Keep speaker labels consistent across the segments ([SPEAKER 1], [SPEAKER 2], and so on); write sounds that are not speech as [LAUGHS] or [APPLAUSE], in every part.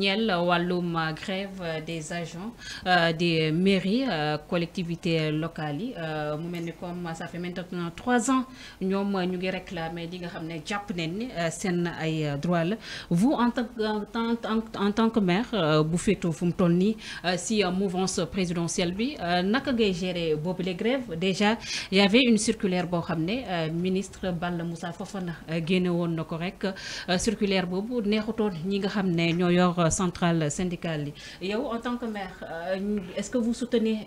[SPEAKER 1] ñeel wàllum euh, grève euh, des agents euh, des mairies collectivités locales Euh, mu comme ça fait maintenant trois ans nous ñu ngi réclamer li nga xam ne jàpp nañ ay droit vous en tant en tant que maire bu faites fu tonni si nii si mouvance présidentielle bi naka géré gérer les grèves déjà y avait une circulaire boo xam ministre bal Moussa Fofana génne woon na rek circulaire boobu neexutoon ñi nga xam ne centrale syndicale en tant que maire euh, est-ce que vous soutenez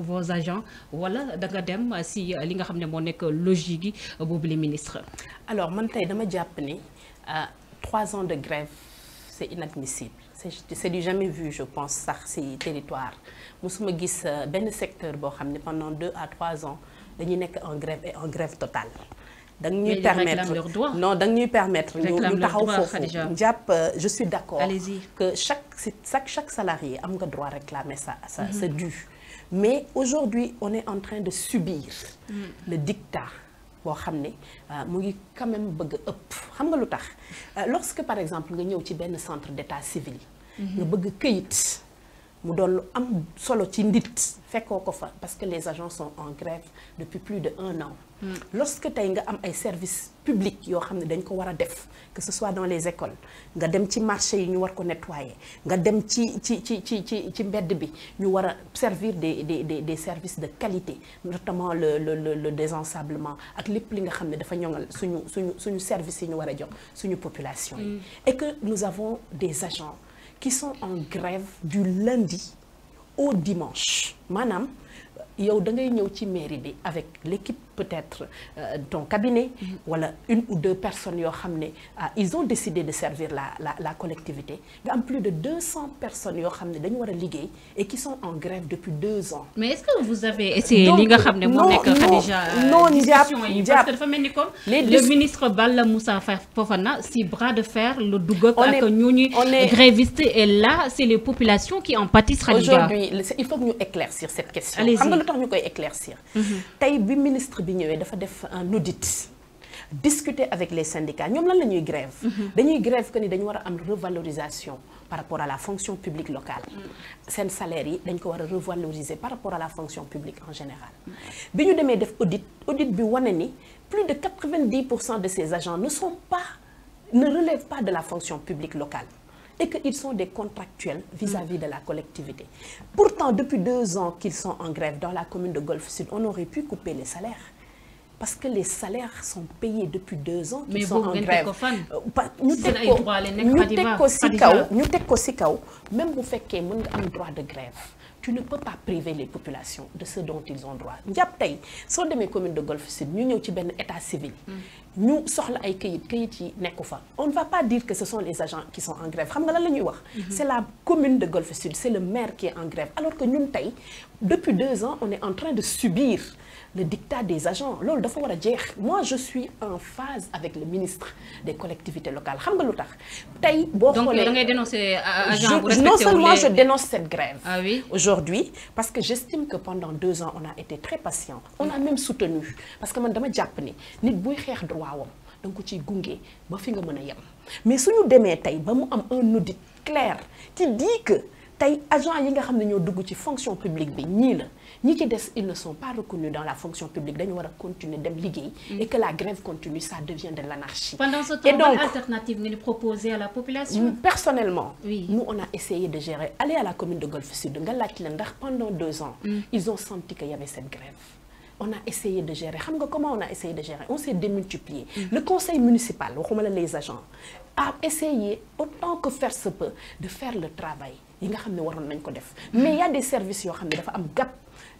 [SPEAKER 1] vos agents ou da si li nga le logique pour les ministres alors je me dama que euh, trois ans de grève c'est
[SPEAKER 2] inadmissible c'est du jamais vu je pense ces territoires. territoire sommes gis un euh, secteur pendant deux à trois ans dañuy en grève et en grève totale da ñuy permettre non permettre nous ñuy permettre ñu taxaw foofu jàpp euh, je suis d'accord que chaque chaque chaque salarié am nga droit réclamer sa ça c'est mm-hmm. dû mais aujourd'hui on est en train de subir mm. le dictat pour ramener ne euh, ngi quand même bëgg up ëpp xam nga euh, lorsque par exemple nga ñëw ci benn centre d'état civil mm-hmm. nga bëgg këyit mu doon lu am solo ci ndit fa parce que les agents sont en grève depuis plus de un an lorsque tu nga am ay services publics que ce soit dans les écoles nga dem ci marché yi ñu war nettoyer nga dem ci ci servir des des des services de qualité notamment le le le désensablement Et lépp li nga xam ne dafa services Sur ñu population mm. et que nous avons des agents qui sont en grève du lundi au dimanche Madame, yow da ngay ñëw ci mairie avec l'équipe peut-être euh, ton cabinet mm-hmm. wala une ou deux personnes qui ont ah, ils ont décidé de servir la la la collectivité Dans plus de 200 personnes yoo ont ramené et qui sont en grève depuis deux ans. mais
[SPEAKER 1] est-ce que vous avez essayé li nga non non le ministre Balla Moussa Fofana si bras de fer le Douga, ak. on est gréviste et là c'est les populations qui en pâtissent. aujourd'hui il faut que nous éclaircir cette
[SPEAKER 2] question. xam nga lu tax éclaircir. Mm-hmm. ministre bi avons dafa un audit discuter avec les syndicats ñom lan fait une grève mm-hmm. dañuy grève que ni dañu wara am revalorisation par rapport à la fonction publique locale mm-hmm. sen salaire yi dañ ko wara par rapport à la fonction publique en général def audit audit bi plus de 90 de ces agents ne sont pas ne relèvent pas de la fonction publique locale et qu'ils sont des contractuels vis-à-vis -vis mm-hmm. de la collectivité. Pourtant, depuis deux ans qu'ils sont en grève dans la commune de Golfe Sud, on aurait pu couper les salaires parce que les salaires sont payés depuis deux ans. mais sont en grève euh, Nous te ko même si nga droit de grève tu ne peux pas priver les populations de ce dont ils ont droit Ce sont des communes de Golfe Sud nous, ci état civil. nous hmm. sommes ay on ne va pas dire que ce sont les agents qui sont en grève hmm. C'est la commune de Golfe Sud c'est le maire qui est en grève alors que nous, depuis deux ans on est en train de subir le dictat des agents dafa a moi je suis en phase avec le ministre des collectivités locales xam nga lu tax donc da ngay
[SPEAKER 1] dénoncer non seulement je
[SPEAKER 2] dénonce cette grève ah oui aujourd'hui parce que j'estime que pendant deux ans on a été très patient on a même soutenu parce que man dama n'est ni nit droit Donc, da nga ko ciy mais si nous tey ba am un audit clair qui dit que les agents yi fonction ils ne sont pas reconnus dans la fonction publique Ils doivent continuer dem mm. et que la grève continue ça devient de l'anarchie. pendant
[SPEAKER 1] ce temps y alternative une proposer à la population. Mm,
[SPEAKER 2] personnellement. nous on a essayé de gérer aller à la commune de Golfe Sud pendant deux ans. Mm. ils ont senti qu'il y avait cette grève. on a essayé de gérer. Comment on a essayé de gérer On s'est démultiplié. Le conseil municipal, les agents, a essayé, autant que faire se peut, de faire le travail. Mais il y a des services qui ont gap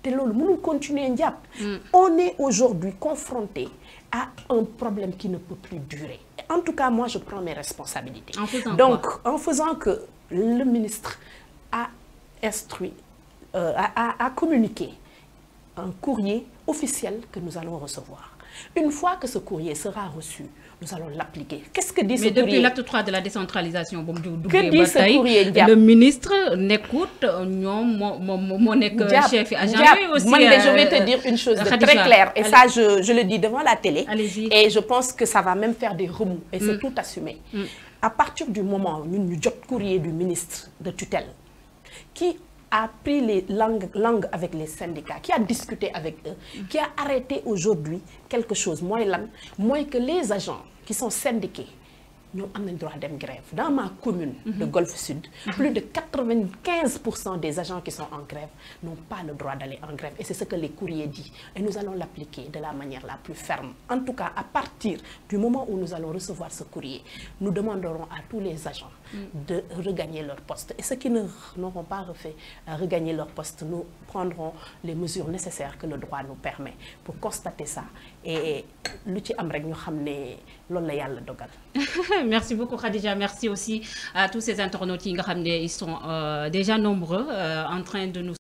[SPEAKER 2] hmm. on est aujourd'hui confronté à un problème qui ne peut plus durer en tout cas moi je prends mes responsabilités donc en faisant que le ministre a instruit euh, a communiqué un courrier officiel que nous allons recevoir une fois que ce courrier sera
[SPEAKER 1] reçu, nous allons l'appliquer. Qu'est-ce que dit Mais ce courrier Mais depuis l'acte 3 de la décentralisation, Le ministre n'écoute, euh, mon, euh, chef agent je vais euh, te dire une chose très claire, et ça, je, le dis devant la télé, et je
[SPEAKER 2] pense que ça va même faire des remous, et c'est mm. tout assumé. Mm. À partir du moment où nous avons courrier du ministre de tutelle, qui a pris les langues, avec les syndicats, qui a discuté avec eux, qui a arrêté aujourd'hui quelque chose, moins, moins que les agents qui sont syndiqués nous avons le droit dem grève dans ma commune le mhm. Golfe Sud mhm. plus de 95 des agents qui sont en grève n'ont pas le droit d'aller en grève et c'est ce que les courriers disent et nous allons l'appliquer de la manière la plus ferme en tout cas à partir du moment où nous allons recevoir ce courrier nous demanderons à tous les agents mm. de regagner leur poste et ceux qui n'auront pas refait euh, regagner leur poste nous prendrons les mesures nécessaires que le droit nous permet pour constater ça et lu ci nous rek ñu xam la
[SPEAKER 1] [LAUGHS] merci beaucoup Khadija merci aussi à tous ces internautes qui ils sont euh, déjà nombreux euh, en train de nous